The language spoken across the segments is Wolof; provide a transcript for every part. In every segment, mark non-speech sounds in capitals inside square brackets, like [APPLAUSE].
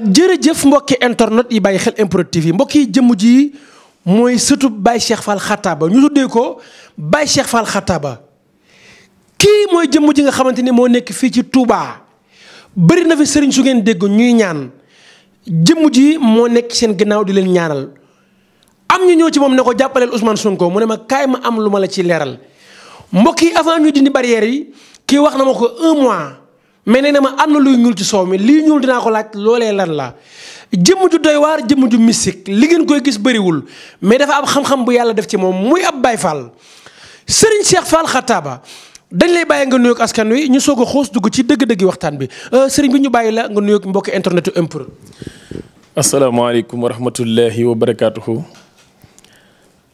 jërëjëf mbokki internet yi bàyyi xel MPROD yi mbokk yi jëmm ji mooy sëtu Baye Cheikh Fall Khataba ñu tuddee ko Baye Cheikh Fall Khataba kii mooy jëmm ji nga xamante ni moo nekk fii ci Touba bëri na fi sëriñ su ngeen dégg ñuy ñaan jëmm ji moo nekk seen ginnaaw di leen ñaanal. am ñu ñëw ci moom ne ko jàppaleel Ousmane Sonko mu ne ma kaay ma am lu ma la ci leeral mbokk yi avant ñu dindi barrière yi kii wax na ma ko un mois. mais ne na ma am na luy ñuul ci soow mi lii ñuul dinaa ko laaj loolee lan la jëmm ju doy waar jëmm ju mystique li ngeen koy gis bariwul mais dafa ab xam-xam bu yàlla def ci moom muy ab Baye Fall Serigne Cheikh Fall Xataaba dañ lay bàyyi nga nuyoog askan wi ñu soog a xoos dugg ci dëgg-dëgg waxtaan bi euh, Serigne bi ñu bàyyi la nga nuyoog mbokki internet yu impro. asalaamaaleykum wa rahmatullahi wa barakaatuhu.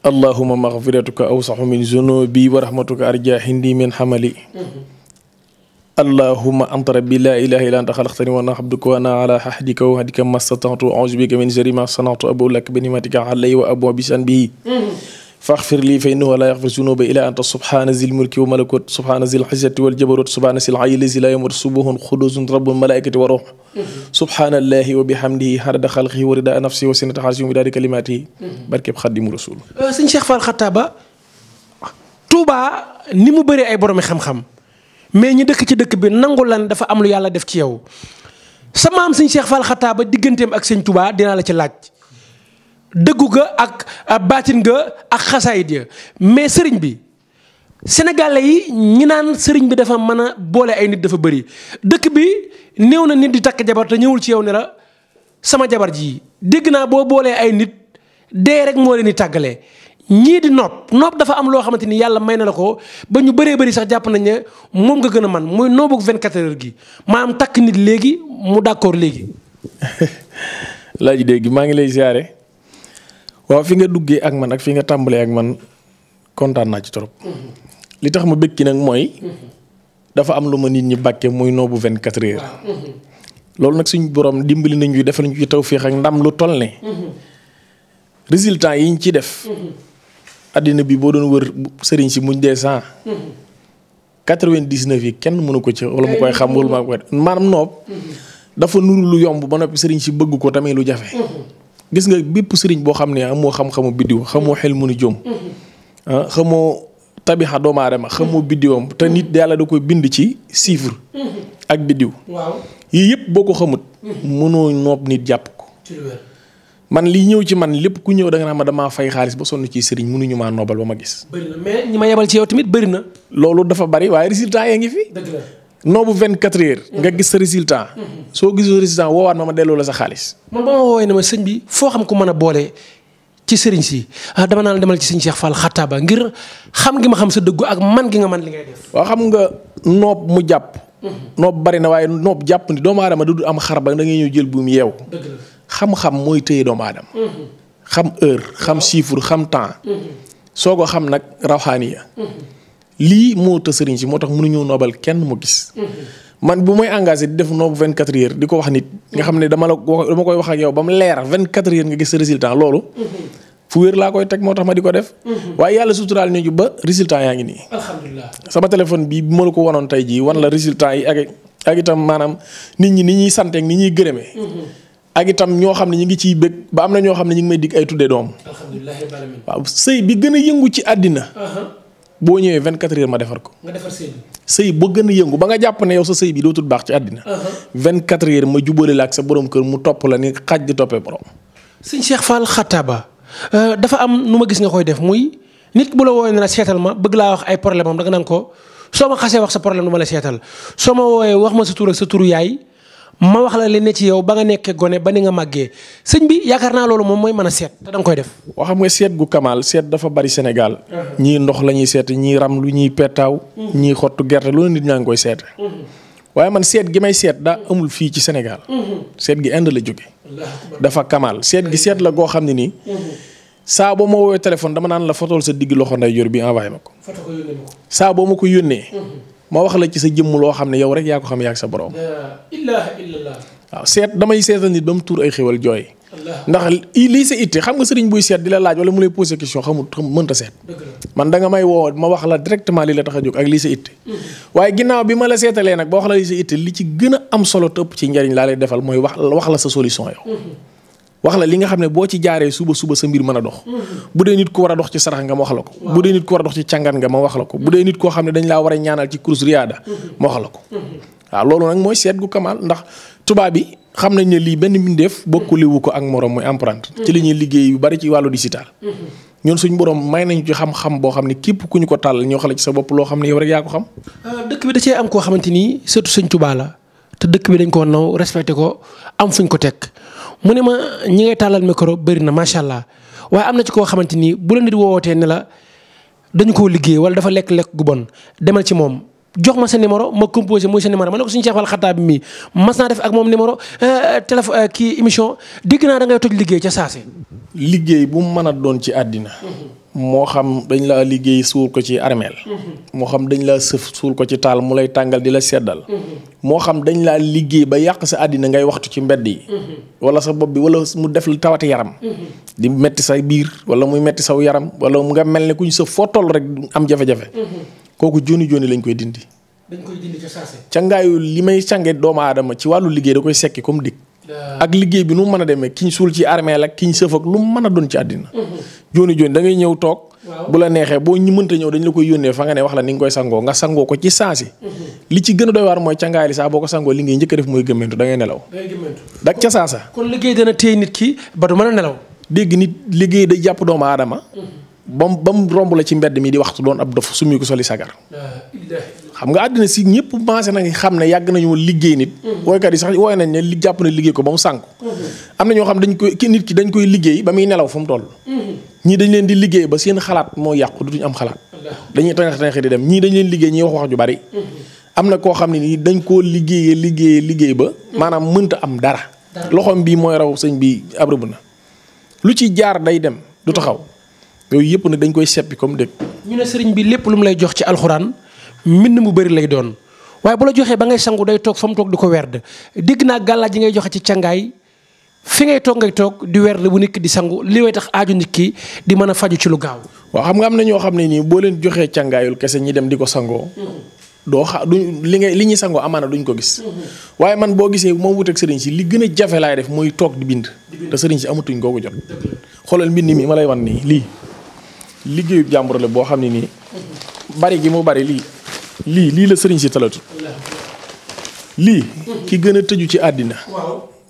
allahumma maghfiratuka awsaxu min zunubi wa rahmatuka allahuma anta rabbi laa ilaha illa anta xalaqtani wa ana abduka wa ana ala ahdika wa wahdika mastata'tu a'uuzu bika min sharri ma sana'tu abu'u laka bi ni'matika alayya wa abu'u bi zanbi faxfir lii fa innahu laa yaxfiru zunuuba illaa anta subhaana zil mulki wa malakut subhaana zil izzati wal jabarut subhaana zil hayyi lazi laa yamuutu subuhun xudusun rabbul malaa'ikati wa ruux subhaanallaahi wa bihamdihi xadada xalqihi wa ridaa nafsi wa sinata xaasi mi daadi kalimaatihi barkeb xadimu rasul euh, sëñ Cheikh Fall Xataaba Touba ni mu bëree ay boromi xam-xam mais ñi dëkk ci dëkk bi nangu lan dafa am lu yàlla def ci yow sa maam sëñ Cheikh Fall ba digganteem ak sëñ Touba dinaa la ci laaj dëggu ga ak baatin ga ak xasaayit ya mais sëriñ bi sénégalais yi ñi naan sëriñ bi dafa mën a boole ay nit dafa bëri dëkk bi néew na nit di takk jabar te ñëwul ci yow ne la sama jabar ji dégg naa boo boolee ay nit dee rek moo leen di tàggale ñii di nopp nopp dafa am loo xamante ni yàlla may na la ko ba ñu bëree bëri sax jàpp nañ ne moom nga gën a man muy noobu vingt 24 heures gi maanaam takk nit léegi mu d'accord léegi. [LAUGHS] laaj dégg maa ngi lay ziare waaw fi nga duggee ak man ak fi nga tàmbalee ak man kontaan naa ci trop. Mm-hmm. li tax ma bëgg nag mooy. Mm-hmm. dafa am lu ma nit ñi bàkkee muy noobu quatre heures. Mm-hmm. loolu nag suñu borom dimbali nañu defal ñu ci fii ak ndam lu toll ne. résultat addina bi boo doon wër sëriñ si muñ dee cent. quatre-vingt-dix-neuf yi kenn mënu ko ci wala mu koy xam wala ma koy maanaam noob. dafa nuru lu yomb ba noppi sëriñ si bëgg ko tamit lu jafe. gis nga bépp sëriñ boo xam ne amoo xam-xamu biddiw xamoo xel mu ni jom. Ah, xamoo tabixa doomu aadama xamoo biddiwam te nit yàlla da koy bind ci chiffre. ak biddiw. waaw yii yëpp boo ko xamut. Mm-hmm. mënoo noob nit jàpp ko. man li ñëw ci man lépp ku ñëw da nga ma damaa fay xaalis ba sonn ci sëriñ mënuñu maa noobal ba ma gis. bëri ma yebal ci yow tamit bëri na. loolu dafa bëri waaye résultat yaa ngi fi. dëgg la noobu 24 mm-hmm. nga gis sa résultat. Mm-hmm. soo gisoo résultat woowaat ma ma delloo la sa xaalis. man ba ma woowee ma sëñ bi foo xam ku mën a boole ci sëriñ si ah, dama naan demal ci sëñ Cheikh Fall xattaaba ngir xam gi ma xam sa dëggu ak man gi nga man li ngay def. waaw nga noob mu jàpp. Mm-hmm. noob bari na waaye noob jàpp ni doomu aadama du am xar ba da ngay ñëw jël buum yeew xam-xam mooy téye doomu adama mm-hmm. xam heure xam chiffre xam temps. Mm-hmm. soo ko xam nag rawxaaniya mm-hmm. lii moo tax sëriñ si moo tax mënuñoo noobal kenn mu gis. man bu may engagé di def noobu 24 heures di ko wax nit. nga xam ne dama la dama koy wax ak yow ba mu leer 24 heures nga gis résultat loolu. fu wér laa koy teg moo tax ma di ko def. waaye yàlla suturaal ñu ba résultat yaa ngi nii. sama téléphone bii bi ma la ko wanoon tey jii wan la résultat yi itam maanaam nit ñi ni ñuy sant ak ni ñuy gërëmee. ak itam ñoo xam ne ñu ngi ciy bëgg ba am na ñoo xam ne ñu ngi may dig ay tuddee doom. alhamdulilah waaw sëy bi gën a yëngu ci àddina. Uh-huh. boo ñëwee 24 heures ma defar ko. nga defar sëy bi. sëy ba gën a yëngu ba nga jàpp ne yow sa sëy bi dootul baax ci àddina. 24 uh-huh. heures ma jubale la ak sa borom kër mu topp la ni xaj di toppee borom. sëñ Cheikh Fall Xataba euh, dafa am nu ma gis nga koy def muy nit bu la wooyee ne la seetal ma bëgg laa wax ay problème am danga naan ko soo ma xasee wax sa problème du ma seetal soo ma wooyee wax ma sa tur sa turu yaay ma wax la leen ci yow ba nga nekkee gone ba ni nga màggee sëñ bi yaakaar naa loolu moom mooy mën a seet te da koy def. xam nga seet gu kamaal seet dafa bari Sénégal. ñii ndox la ñuy seet ñii ram lu ñuy pettaaw. ñii xottu gerte loolu nit ñaa ngi koy seet. waaye man seet gi may seet daa amul fii ci Sénégal. seet gi Inde la jóge dafa kamaal seet gi seet la goo xam ne nii. saa boo ma woowee téléphone dama naan la fotool sa digg loxo nday jor bi envoyé ma ko. saa boo ma ko yónnee. ma wax la ci sa jëmm loo xam ne yow rek yaa ko xam yaa ak sa borom. ilaaha illallah. waaw seet damay seetal nit ba mu tuur ay xéwal jooy. ndax i lii sa itte xam nga sëriñ buy seet di la laaj wala mu lay posé question xamul xam mënta seet. man danga may woo ma wax la directement li la tax a jóg ak lii sa itte. Mm-hmm. waaye ginnaaw bi ma la seetalee nag ba wax la lii sa itte li ci gën a am solo tëpp ci njariñ laa lay defal mooy wax wax la sa solution yow. Mm-hmm. wax la li nga xam ne boo ci jaaree suba suba sa mbir mën a dox bu dee nit ku war a dox ci sarax nga ma wax la ko bu dee nit nga ma wax la ko bu nit koo xam ne dañ laa war a ñaanal ci course riada ma wax la ko waaw loolu nag mooy seet gu kamaal ndax tubaab bi xam nañ ne lii benn mbindeef bokkulewu ko ak moroom muy empreinte ci li ñuy liggéey yu bari ci wàllu digital ñun suñu borom may nañu ci xam-xam boo xam ne képp ku ñu ko tàll ñoo xale ci sa bopp loo xam ne yow rek yaa ko xam euh, am koo xamante nii surtout sëñ Tuubaa la te dëkk bi dañ ko naw respecté ko am fuñ ko teg mu ne ma ñi ngay tàllal micro bëri na macha allah waaye am na ci koo xamante ni bu la nit woowatee ne la dañu koo liggéey wala dafa lekk lekk gu bon demal ci moom. jox ma sa numéro ma composé muy sa numéro ma ne ko suñu Cheikh Wal Xataab mas naa def ak moom numéro euh, téléphone euh, kii émission dégg naa da toj liggéey ca saase. liggéey bu mu mën a doon ci àddina. Mhm. moo xam dañ laa liggéey suul ko ci armeel mm-hmm. moo xam dañ la sëf suul ko ci taal mu lay tàngal di la seddal mm-hmm. moo xam dañ laa liggéey ba yàq sa àddina ngay waxtu ci mbedd yi mm-hmm. wala sa bopp bi wala mu def lu tawati yaram di metti sa biir wala muy metti saw yaram wala mu nga mel ne ku ñu sëf foo toll rek am jafe-jafe kooku joni joni lañ koy dindi dañ koy dindi ca saase li may cange doomu aadama ci wàllu liggéey da koy sekki comme dikk ak liggéey bi nu mën a demee ki ñu suul ci armeel ak ki ñu sëf ak lu mën a doon ci àddina mm-hmm. jooni jooni da ngay ñëw toog bu la neexee boo ñu ñëw dañ la koy yónnee fa nga ne wax la ni nga koy sangoo nga sangoo ko ci saasi mm-hmm. li ci gën a doy waar mooy cangaay li boo ko sangoo li ngay njëkk a def mooy gëmmentu da nelaw dag ca saasa kon liggéey dana téye nit ki ba du mën a nelaw dégg nit liggéey day jàpp doomu aadama mm-hmm. ba mu ba mu romb la ci mbedd mi di wax waxtu doon ab dof summi ko soli sagar xam nga àddina si ñëpp pensé nañ xam ne yàgg nañu liggéey nit mhm. wooykat yi sax wooy nañ ne li jàpp na liggéey ko ba mu mhm. am na ñoo xam dañ koy nit ki dañ koy ba muy nelaw fu mu toll mhm. ñii dañ leen di liggéey ba seen xalaat mooy yàqu dutuñu am xalaat dañuy taneex taneex di dem ñii dañ leen liggéey ñuy wax wax ju bari am na koo xam ne nii dañ koo liggéeyee liggéeyee liggéey ba maanaam mënta am dara loxoom bii mooy raw sëñ bi abrëbu na lu ci jaar day dem du taxaw yooyu yëpp nag dañ koy seppi comme dëgg. ñu ne sëriñ bi lépp lu mu lay jox ci alxuraan mbind mu bëri lay doon waaye bu la joxee ba ngay sangu day toog fa toog di ko werd dégg naa gàllaaj ji ngay joxe ci cangaay fi ngay toog ngay toog di werd bu nikk di sangu li way tax aaju nit ki di mën a faju ci lu gaaw. waaw xam nga am na ñoo xam ne nii boo leen joxee cangaayul kese ñi dem di ko sangoo. doo xa duñ li ngay li ñuy sangoo amaana duñ ko gis. waaye man boo gisee moom wut ak sëriñ si li gën a jafe laay def mooy toog di bind. te sëriñ si amatuñ googu jot. xoolal mbind mi ma lay wan nii lii liggéeyu jàmbur la boo xam ne nii bari gi mu bari lii lii lii la sëriñ si talatu lii ki gën a tëju ci àddina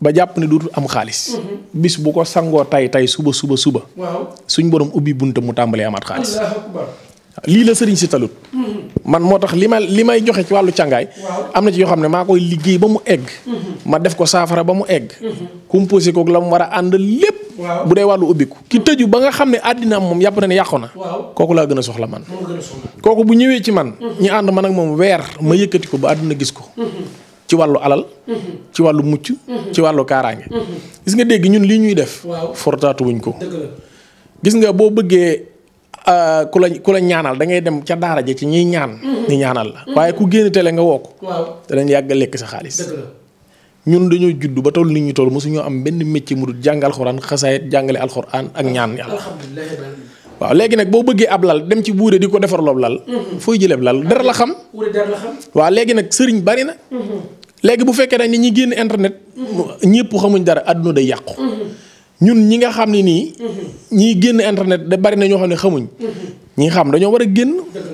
ba jàpp ne dootul am xaalis mhm. bis bu ko sangoo tay tay suba suba suba suñ borom ubbi bunta mu tàmbalee amaat xaalis lii la sëriñ si talut man moo tax li li may joxe ci wàllu càngaay am na ci yoo xam ne maa koy liggéey ba mu egg mhm. ma def ko saafara ba mu egg mhm. composé koog la mu war a ànd lépp bu dee wàllu ubbiku ki mhm. tëju ba nga xam ne àddinaam moom yàpp na ne yàqu na kooku laa gën a soxla man kooku bu ñëwee ci man ñu ànd ma ak moom weer ma yëkkati ko ba àddina gis ko ci wàllu alal ci wàllu mucc ci wàllu kaaraange gis nga dégg ñun lii ñuy def fortaatu wuñ ko gis nga Euh, ku la ku la ñaanal da ngay dem ca daara ja ci ñiy ñaan. Mm-hmm. ñu ñaanal la mm-hmm. waaye ku génn télé nga woo ko. waaw danañ yàgg lekk sa xaalis. ñun dañoo juddu ba toll nit ñu toll mosu ñoo am mbenn métier mu dul jàng alxuraan xasaayit jàngale alxuraan ak ñaan yàlla. waaw léegi nag boo bëggee ab lal dem ci buure di ko defar loob lal. Mm-hmm. fooy jëlee ab lal dara la xam. waaw léegi nag sëriñ bari na. léegi bu fekkee dañ ne ñi génn internet. ñëpp xamuñ dara àdduna day yàqu. ñun ñi nga xam ne nii. Mhm. ñiy génn internet da bari na ñoo xam ne xamuñ. Mhm. ñi xam dañoo war a génn.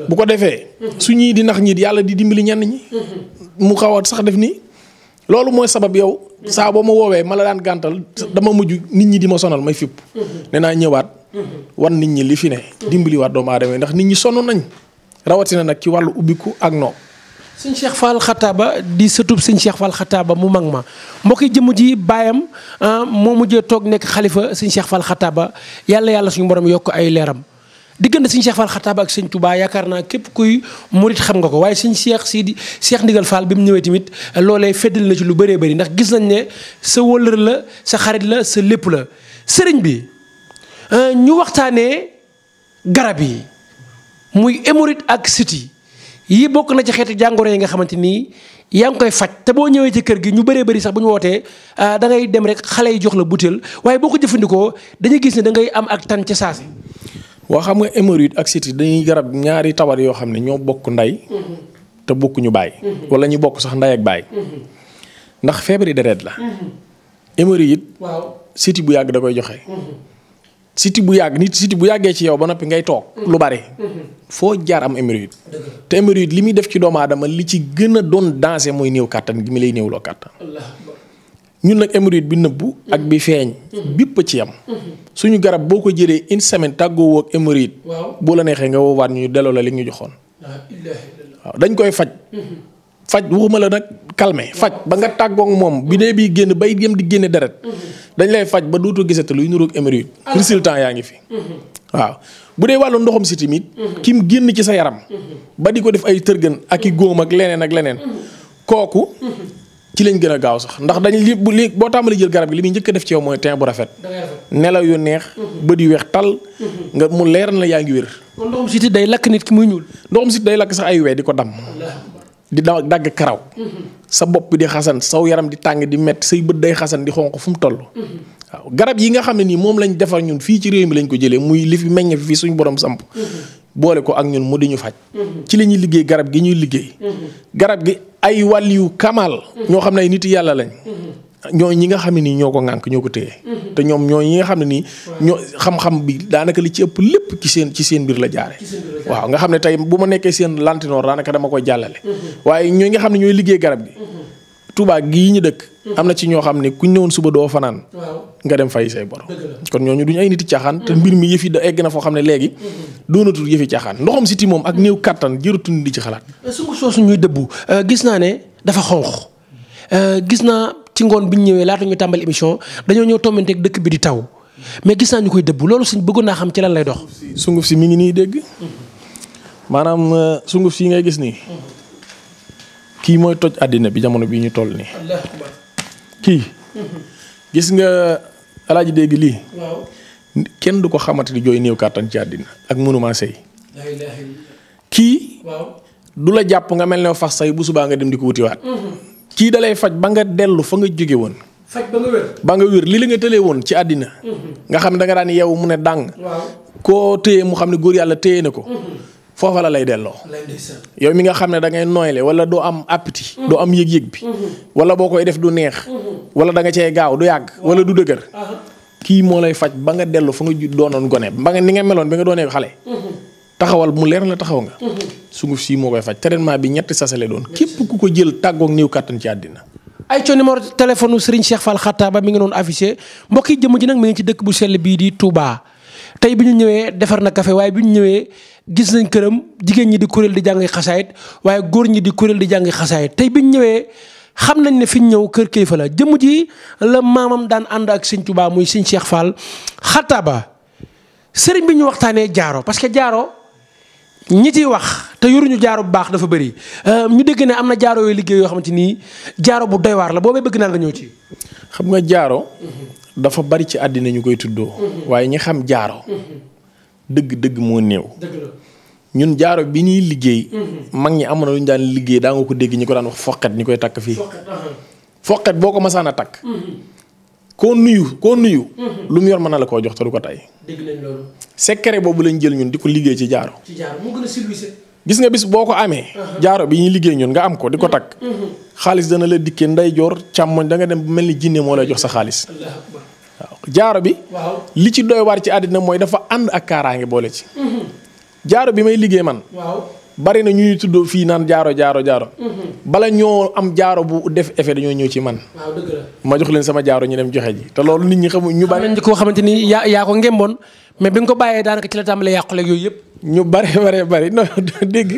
bu ko defee. Mhm. su ñii di nax ñi yàlla di dimbali ñenn ñi. mu xaw a sax def nii. loolu mooy sabab yow. saa boo ma woowee ma la daan gàntal dama mujj nit ñi di ma sonal may fipp. nee naa ñëwaat. wan nit ñi li fi ne. dimbaliwaat doomu aadama yi ndax nit ñi sonn nañ. rawatina nag ci wàllu ubbiku ak noo suñ Cheikh Fall Xataaba di sëtub sëñ Cheikh Fall Xataaba mu mag ma mbokki jëmm ji baayam ah, moo mujjee toog nekk xalifa sëñ Cheikh Fall Xataaba yàlla yàlla suñu borom yokk ay leeram diggante suñ Cheikh Fall Xataaba ak sëñ Touba yaakaar naa képp kuy murit xam nga ko waaye sëñ Cheikh Sidi Cheikh Ndigal Fall bi mu ñëwee tamit loolee feddal na ci lu bëree bëri ndax gis nañ ne sa wëllër la sa xarit la sa lépp la sëriñ bi ah, ñu waxtaanee garab yi muy émorite ak siti yii bokk na ci xeeti jàngoro yi nga xamante nii yaa ngi koy faj te boo ñëwee ci kër gi ñu bëree bari sax bu ñu wootee ah, da ngay dem rek xale yi jox la butéel waaye boo ko jëfandikoo dañuy gis ne da ngay am ak tan ci saasi. waa xam nga hémorroïde ak cystite dañuy garab ñaari tawar yoo xam ne ñoo bokk nday te bokkuñu baay. Mm-hmm. walla ñu bokk sax nday ak baay. Mm-hmm. ndax feebari deret la. Mm-hmm. hémorroïde. waaw cystite bu yàgg da koy joxe. siti bu yàgg nit siti bu yàggee ci yow ba noppi ngay toog. lu bari. foo jaar am hémorroïde. te hémorroïde li muy def ci doomu aadama li ci gën doon dansé mooy néew kàttan gi mi lay néewloo kàttan. ñun nag hémorroïde bi nëbbu. ak bi feeñ. bépp ci yam. suñu garab boo ko jëlee une semaine tàggoowoo ak hémorroïde. boo la neexee nga woowaat ñu delloo la li ñu joxoon. waaw dañ koy faj. Mm-hmm. faj waxuma la nag. calmer faj ba nga tàggoog moom bi dee bi génn bay yem di génne deret dañ lay faj ba duutu gisate luy nuroog hémorroïde ah. résultat yaa ngi fi mhm. waaw bu dee wàllu ndoxum si tamit mhm. kim génn ci sa yaram mhm. ba di ko def ay tërgën ak i góom ak leneen ak leneen kooku ci lañ gën a gaaw sax ndax dañ li li boo tàmbali jël garab gi li muy njëkk def ci yow mooy teint bu rafet nelaw yu neex bët yu weex tal nga mu leer na yaa ngi wér ndoxum siti day lakk nit ki muy ñuul ndoxum siti day lakk sax ay wee di ko dam di daw dagg karaw mm-hmm. sa bopp di xasan saw yaram di tàng di metti say bët day xasan di xonq fu mu toll mm-hmm. waaw garab yi nga xam ne nii moom lañ defar ñun fii ci réew mi lañ ko jëlee muy li fi meññ fii suñu borom samp mm-hmm. boole ko ak ñun mu di ñu faj ci la ñuy liggéey garab gi ñuy liggéey garab gi ay wàlliyu kamaal ñoo xam ne ay nit yàlla lañ ñoo ñi nga xam ko ŋànk ñoo ko téye. Mhm. te xam ne nii. ñoo xam-xam bi daanaka li ci ëpp lépp ci seen ci seen biir la jaare waaw nga xam ne tey bu ma nekkee seen lantinoor daanaka dama koy jàllale. Mhm. waaye ñoo nga xam ne ñooy liggéey garab gi. Mhm. Touba gii ñu dëkk. am na ci ñoo xam ne kuñ newoon suba doo fanaan. nga dem fay say bor. kon ñooñu duñ ay niti caaxaan. te mbir mi yëfi da egg na foo xam ne léegi. doonatul yëfi caaxaan ndoxam siti moom ak néew kattan jërutuñ di ci xalaat. su ma soosu ñuy dëbbu euh, gis naa ne dafa xonq euh, gis naa ci ngoon bi ñu ñëwee laata ñu tàmbali émission dañoo ñëw tombanteeg dëkk bi di taw mais gis naa ñu koy dëbb loolu suñ bëggoon naa xam ci lan lay dox. sunguf si mu ngi nii dégg. maanaam euh, sunguf si ngay gis nii. kii mooy toj àddina bi jamono bii ñu toll nii. kii. gis nga alaaji dégg lii. kenn du ko xamante ni jooy néew kàttan ci àddina ak mënuma sëy kii. du la jàpp nga mel ne fas say bu subaa nga dem di ko wutiwaat. Mm-hmm. kii dalay faj ba nga dellu fa nga jóge woon. faj ba nga wér. ba li la nga tëlee woon ci àddina. Mhm. nga xam ne da nga daan yeewu mu ne dàng. koo téye mu xam ne góor yàlla téye ne ko. Mhm. foofa la lay delloo. yow mi nga xam ne da ngay nooyle wala doo am appétit. Mhm. doo am yëg-yëg bi. wala boo koy def du neex. wala danga nga cee gaaw du yàgg. wala du dëgër. kii moo lay faj ba nga dellu fa nga ju doonoon gone ba nga ni nga meloon bi nga doonee xale. taxawal mu leer la taxaw nga. Mm-hmm. sunguf sii moo koy faj traitement bi ñetti sasale doon. képp ku ko jël tàggoog néew kàttan ci àddina. ay co numéro téléphone Serigne Cheikh Fall Khattaba mi ngi noonu affiché mbokk yi jëmm ji nag mi ngi ci dëkk bu sell bii di Touba tey bi ñu ñëwee defar na café waaye bi ñu ñëwee gis nañ këram jigéen ñi di kuréel di jàng xasaayit waaye góor ñi di kuréel di jàng xasaayit tey bi ñëwee xam nañ ne fi ñu ñëw kër kilifa la jëmm ji la maamam daan ànd ak Serigne Touba muy Serigne Cheikh Fall Khattaba sëriñ bi ñu waxtaanee jaaro parce que jaaro ñi ciy wax te yoruñu jaaro bu baax dafa bëri euh, ñu dégg ne am na jaaro yooyu liggéey yoo xamante ni jaaro bu doy la la boobee bëgg naa nga ñëw ci. xam nga jaaro. dafa bari ci àddina ñu koy tuddoo. waaye ñi xam jaaro. dëgg dëgg moo néew. ñun jaaro bi ñuy liggéey. Mhm. mag ñi amoon na lu ñu daan liggéey daa ko dégg ñi ko daan wax foqet ñi koy takk fii. foqet boo ko masaan a takk. Mhm. koo nuyu koo nuyu. Mhm. lu mu yor mën na la koo jox te du ko tay dégg nañ loolu. boobu lañ jël ñun di ko liggéey ci jaaro. ci jaaro gis nga bis boo ko amee. Uh-huh. jaaro bi ñuy liggéey ñun nga am ko di ko mhm. takk. Mhm. xaalis dana la dikkee ndeyjoor càmmoñ danga nga dem mel ni jinne moo lay jox sa xaalis. jaaro bi. waaw li ci doy waar ci àddina mooy dafa ànd ak kaaraange boole ci. jaaro bi may liggéey man. bari na ñuy tuddoo fii naan jaaro jaaro jaaro. Mhm. bala ñoo am jaaro bu def effet dañoo ñëw ci man. waaw ma jox leen sama jaaro ñu dem joxe ji te loolu nit ñi xamu ñu bari. nañ koo xamante ni yaa yaa ko ngémboon mais bi nga ko bàyyee daanaka ci la tàmbalee yàqule ak yooyu yëpp. ñu bari bari bari non [LAUGHS] dégg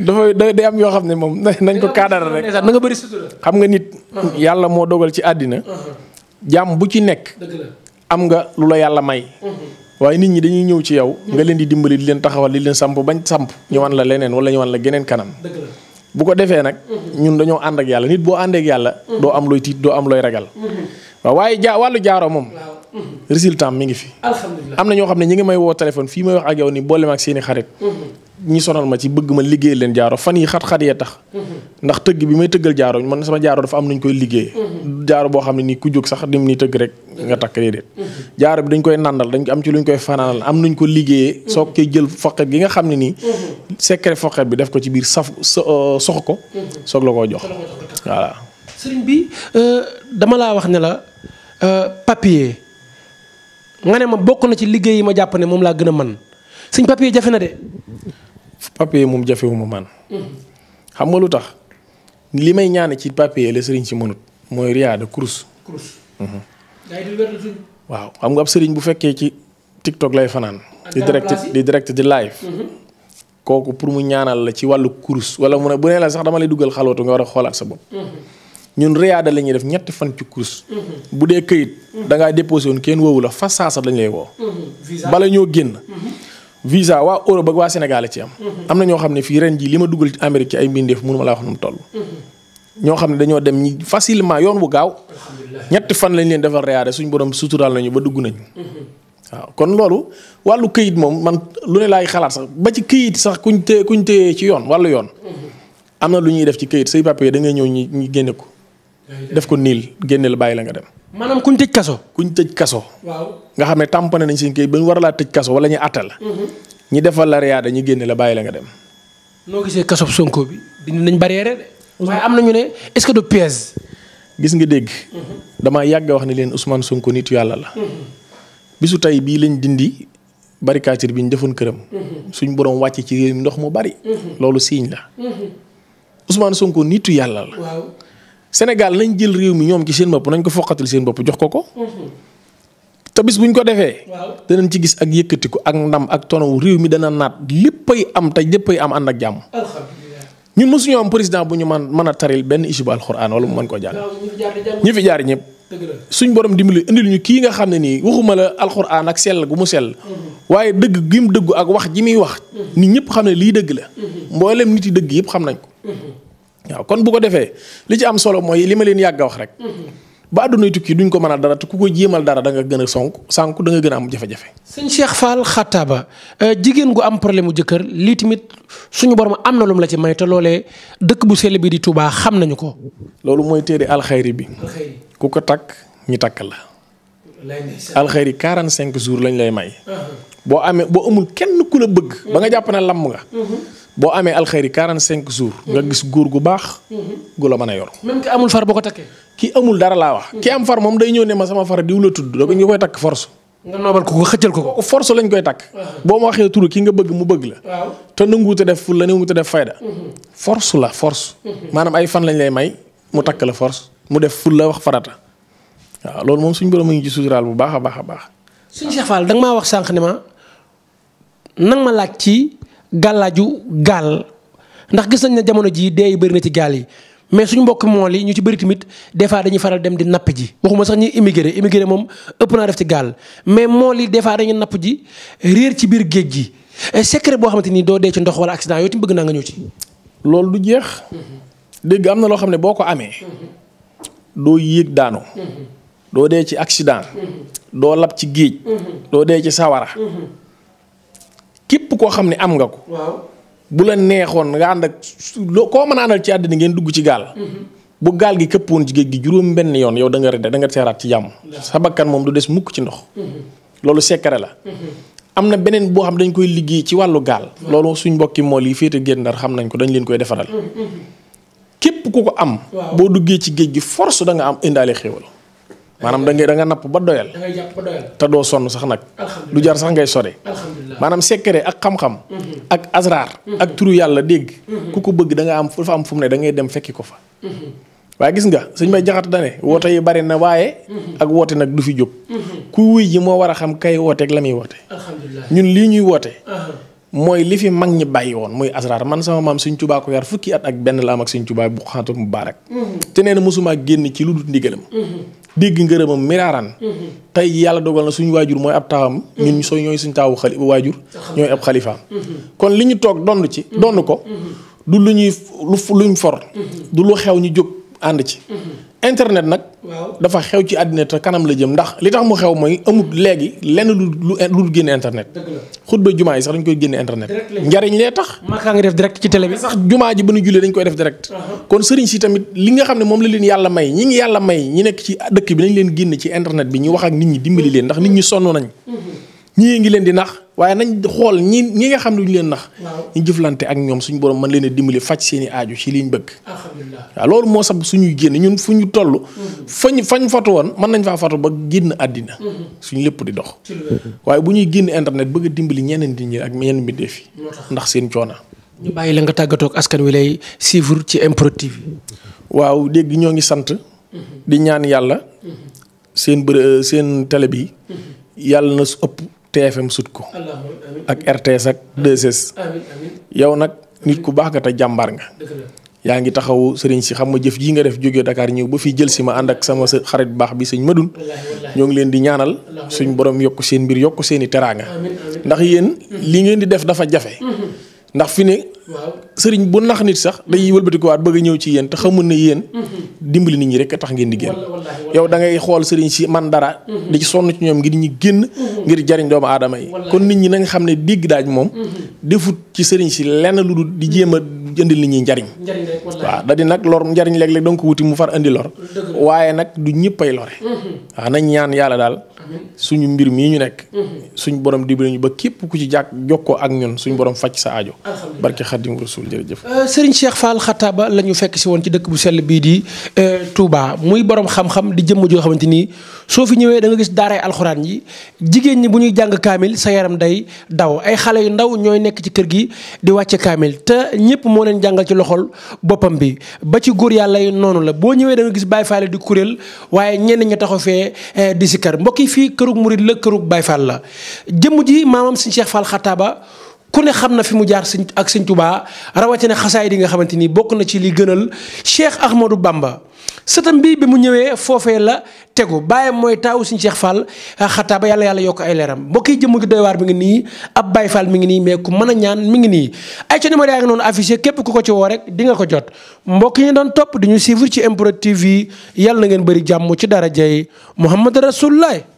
dafa day am yoo xam ne moom [LAUGHS] nañ ko kaadara rek. na nga bëri sutura. xam nga nit. Uh-huh. yàlla moo dogal ci àddina. Uh-huh. jàmm bu ci nekk. am nga lu la yàlla may. Uh-huh. waaye nit ñi dañuy ñëw ci yow nga leen di dimbali di leen taxawal di leen samp bañ samp ñu wan la leneen wala ñu wan la geneen kanam bu ko defee nag ñun dañoo ànd ak yàlla nit boo àndeek yàlla doo am looy tiit doo am looy ragal waaw waaye jaa wàllu jaaro moom résultat mi ngi fi alhamdulilah am na ñoo xam ne ñu ngi may woo téléphone fii may wax ak yow ni boolem ak seeni xarit mhm. ñi sonal ma ci bëgg ma liggéey leen jaaro fan yi xat-xat yee tax ndax tëgg bi may tëggal jaaro man sama jaaro dafa am nañ koy liggéey jaaro boo xam ne nii ku jóg sax dim ni tëgg rek nga takk déedéet jaaro bi dañ koy nandal dañ ko am ci luñ koy fanaanal am nañ ko liggéeyee soo koy jël foqet gi nga xam ne nii secret bi def ko ci biir saf euh, sox ko soog la koo jox voilà sëriñ bi euh, dama laa wax ne la euh, papier nga ne ma bokk na ci liggéey yi ma jàpp ne moom laa gën a man sëñ papier jafe na de papier moom jafewuma man xam nga lu tax li may ñaane ci papier la sëriñ si mënut mooy riyaada kurus. kurus. waaw xam nga ab sëriñ bu fekkee ci TikTok lay fanaan. di direct di direct di live. Mhm. kooku pour mu ñaanal la ci wàllu kurus wala mu ne bu nee la sax dama lay dugal xalootu nga war a xoolaat sa bopp. Mhm. ñun riyaada la ñuy def ñetti fan ci kurus. Mhm. bu dee këyit. da ngaa déposé woon kenn woowu la fa saasa lañ lay woo. bala ñoo génn. visa waa Europe ak waa Sénégal ci am. Mhm. am na ñoo xam ne fii ren jii li ma dugal ci Amérique ci ay mbindeef mënu ma laa wax nu mhm. ñoo xam ne dañoo dem ñi facilement yoon bu gaaw. ñetti fan lañ leen defal reyaare suñ borom suturaal nañu ba dugg nañu. Mhm. waaw kon loolu wàllu këyit moom man lu ne laay xalaat sax ba ci këyit sax kuñ te kuñ téye ci yoon wàllu yoon. am na lu ñuy def ci këyit say papier da ngay ñëw ñi ñu génne ko. def ko niil génne la bàyyi la nga dem. maanaam kuñ tëj kaso. kuñ tëj kaso. waaw nga xam ne tamponné nañ seen kayit ba ñu war a laa tëj kaso wala ñu àttal la. Mm-hmm. ñi defal la riyaada ñu génne la bàyyi la nga dem. noo gisee kaso Sonko bi dindi nañ barrière de. waaye am na ñu ne est-ce que du piège. gis nga dégg. Mm-hmm. damaa yàgg wax ne leen Ousmane Sonko nit yàlla la. Mm-hmm. bisu tey bii lañ dindi barricade bi ñu defoon këram. suñ borom wàccee ci réew mi ndox mu bari. loolu siiñ la. Ousmane Sénégal nañ jël réew mi ñoom ci seen bopp nañ ko foqatil seen bopp jox ko ko. Mhm. te bis bu ñu ko defee. danañ ci gis ak yëkkatiku ak ndam ak tonaw réew mi dana naat léppay am te léppay am ànd ak jàmm. ñun mosuñu am président bu ñu man mën a taril benn isibal alxuraan wala mu mën koo jàng. ñu fi jaar ñëpp. suñ borom indi lu ñu kii nga xam ne nii waxuma la alxuraan ak sell gu mu sell. Mhm. waaye dëgg gi mu dëggu ak wax ji muy wax. Mhm. nit ñëpp xam ne lii dëgg la. mboolem nit yi dëgg yëpp xam nañ ko. waaw kon bu ko defee li ci am solo mooy li ma leen yàgg a wax rek. Mhm. ba àdduna tukki duñ ko mën a dara te ku ko jéemal dara danga gën a sonk sànku da nga gën a am jafe-jafe. sëñ Cheikh Fall euh, jigéen gu am problème mu jëkkër lii tamit suñu borom am na lum la ci may te loolee dëkk bu sell bi di Touba xam nañu ko. loolu mooy téere alxayri bi. ku ko takk ñi takk la. alxayri 45 jours lañ lay may. Uh-huh. boo amee boo amul kenn ku la bëgg. ba nga jàpp ne lamm nga. Uh-huh. boo amee alxayri 45 jours. nga gis góor gu baax. gu la mën a yor. même ki amul far boo ko takkee. ki amul dara laa wax. ki am far moom day ñëw ne ma sama far diw la tudd da nga koy takk force. nga noobal ko ko xëccal ko ko. force lañ koy takk. boo ma waxee turu ki nga bëgg mu bëgg la. waaw te nanguute def ful la nanguute def fayda. Mhm. force la force. Mhm. maanaam ay fan lañ lay may mu takk la force mu def ful la wax farata waaw loolu moom suñu borom mu ngi ci suturaal bu baax a baax a baax. suñu Cheikh Fall da nga maa wax sànq ne ma nan ma laaj ci gàllaaju gaal ndax gis nañ na jamono jii dee yi bëri na ci gaal yi mais suñu mbokk mool yi ñu ci bëri tamit des fois dañuy faral dem di napp ji waxuma sax ñuy immigré immigré moom ëpp naa def ci gaal mais mool yi des fois dañuy napp ji réer ci biir géej gi secret boo xamante ni doo dee ci ndox wala accident yooyu ti bëgg naa nga ñëw ci. loolu du jeex. dégg am na loo xam ne boo ko amee. doo yéeg daanu. doo dee ci accident. doo lab ci géej. doo dee ci sawara. képp koo xam ne am nga ko. bu la neexoon nga ànd ak loo koo mën a àndal ci àddina ngeen dugg ci gaal. Mm-hmm. bu gaal gi këppoon ci géej gi juróom benn yoon yow da nga danga teeraat ci jàmm. sa bakkan moom du des mukk ci ndox. Mm-hmm. loolu sekkare la. Mm-hmm. am na beneen boo xam dañ koy liggéey ci wàllu gaal. loolu suñ mbokki mool yi féete génn Ndar xam nañ ko dañ leen koy defaral. képp ku ko am. boo duggee ci géej gi force da nga am indaale xéwal. maanaam da da nga napp ba doyal. da jàpp te doo sonn sax nag. du jar sax ngay sore. maanaam secret ak xam-xam. Mhm. ak asraar. Mhm. ak turu yàlla dégg. Mhm. ku ko bëgg dangay am fu fa am fu mu ne da ngay dem fekki ko fa. waaye gis nga suñ may jaxat dane woote yi bari na waaye. ak woote nag du fi jóg. ku wuy ji moo war a xam kay wooteek la muy woote. ñun lii ñuy woote. mooy li fi mag ñi bàyyi woon muy asraar man sama maam Sëñ Tuubaa ko yar fukki at ak benn la am ak Sëñ Tuubaa bu xaatu mubaarak te nee génn ci lu dul ndigalam. dégg ngërëmam miraaran mhm. tey yàlla dogal na suñu waajur mooy ab taawam mhm. ñun soo ñooy suñ taawu xali waajur ñooy ab xalifaam mhm. kon li ñu toog dond ci dond ko du lu ñuy lu luñ for du lu xew ñu jóg ànd ci internet nag. dafa xew ci àddina kanam la jëm ndax li tax mu xew mooy amut léegi lenn lu lu lu génn internet. xutba jumaa yi sax dañ koy génne internet. njariñ lee tax. maa ngi def direct ci télé bi. sax jumaa ji ba nu jullee dañ koy def direct. Uh-huh. kon sëriñ si tamit li nga xam ne moom la leen yàlla may ñi ngi yàlla may ñi nekk ci dëkk bi nañ leen génne ci internet bi ñu wax ak nit ñi dimbali leen ndax nit ñi sonn nañ. Mm-hmm. ñii ngi leen di nax waaye nañ xool ñi ñi nga xam ne duñu leen nax ñu jëflante ak ñoom suñu borom mën leen dimbali faj seeni i aaju ci liñ bëgg waaw loolu moo sab suñuy génn ñun fu ñu toll mm-hmm. fañ fañ fatu woon mën nañ faa fatu ba génn àddina mm-hmm. suñu lépp di dox waaye bu ñuy génn internet bëgg dimbali ñeneen nit ñi ak ñeneen mbindeef yi ndax seen coona ñu bàyyi la nga tàggatoo ak wi lay suivre ci MPROD waaw dégg ñoo ngi sant mm-hmm. di ñaan yàlla seen bërë seen télé bi yàlla na ëpp TFM sut ko ak RTS ak 2S yow nag nit ku baax nga te jàmbaar nga yaa ngi taxawu sëriñ si xam ma jëf ji nga def jóge dakaar ñëw ba fii jël si ma ànd ak sama xarit baax bi sëñ Madun ñoo ngi leen di ñaanal suñ borom yokk seen mbir yokk seeni i teraanga ndax yéen mm-hmm. li ngeen di def dafa jafe mm-hmm. ndax fi ne sëriñ bu nax nit sax day wëlbatikuwaat bëgg ñëw ci yéen te xamul ne yéen mhm. dimbali nit ñi rek a tax ngeen di génn yow dangay xool sëriñ si man dara mhm. di ci sonn ci ñoom ngir ñu génn mhm. ngir jariñ doomu aadama yi kon nit ñi na xam ne dégg daaj moom defut ci sëriñ si lenn lu dul di jéem a jëndil nit ñi njariñ waaw da nag lor njariñ léeg-léeg da nga ko wuti mu far indi lor waaye nag du ñëpp ay lore waaw nañ ñaan yàlla daal suñu mbir mii ñu nekk suñu boroom dimbali ba képp ku ci jàkk jokkoo ak ñun suñu borom sa aajo xaadim rasul jërëjëf. Euh, Serigne Cheikh Fall Xataaba la ñu fekk si woon ci dëkk bu sell bii di euh, Touba muy boroom xam-xam di jëmm joo xamante ni soo fi ñëwee danga gis daaray alxuraan yi jigéen ñi bu ñuy jàng kaamil sa yaram day daw ay xale yu ndaw ñooy nekk ci kër gi di wàcce kaamil te ñëpp moo leen jàngal ci loxol boppam bi ba ci góor yàlla yi noonu la boo ñëwee da gis Baay Faal di kuréel waaye ñenn ña taxu fee eh, di si kër mbokk yi fii kërug murid la kërug Baay Faal la jëmm ji ku ne xam na fi mu jaar sëñ ak sëñ Touba rawatina xasaay di nga xamante ni bokk na ci li gënal Cheikh Ahmadou Bamba sëtam bi bi mu ñëwee foofee la tegu bàyyam mooy taawu sëñ Cheikh Fall ah, xataa ba yàlla yàlla yokk ay leeram mbokk yi jëmm gi doy waar mi ngi nii ab Baye Fall mi ngi nii mais ku mën a ñaan mi ngi nii ay ca numéro yaa ngi noonu affiché képp ku ko ci woo rek di nga ko jot mbokk yi ñu doon topp di ñu suivre ci MPROD TV yàlla na ngeen bëri jàmm ci dara jey Muhammad Rasulullah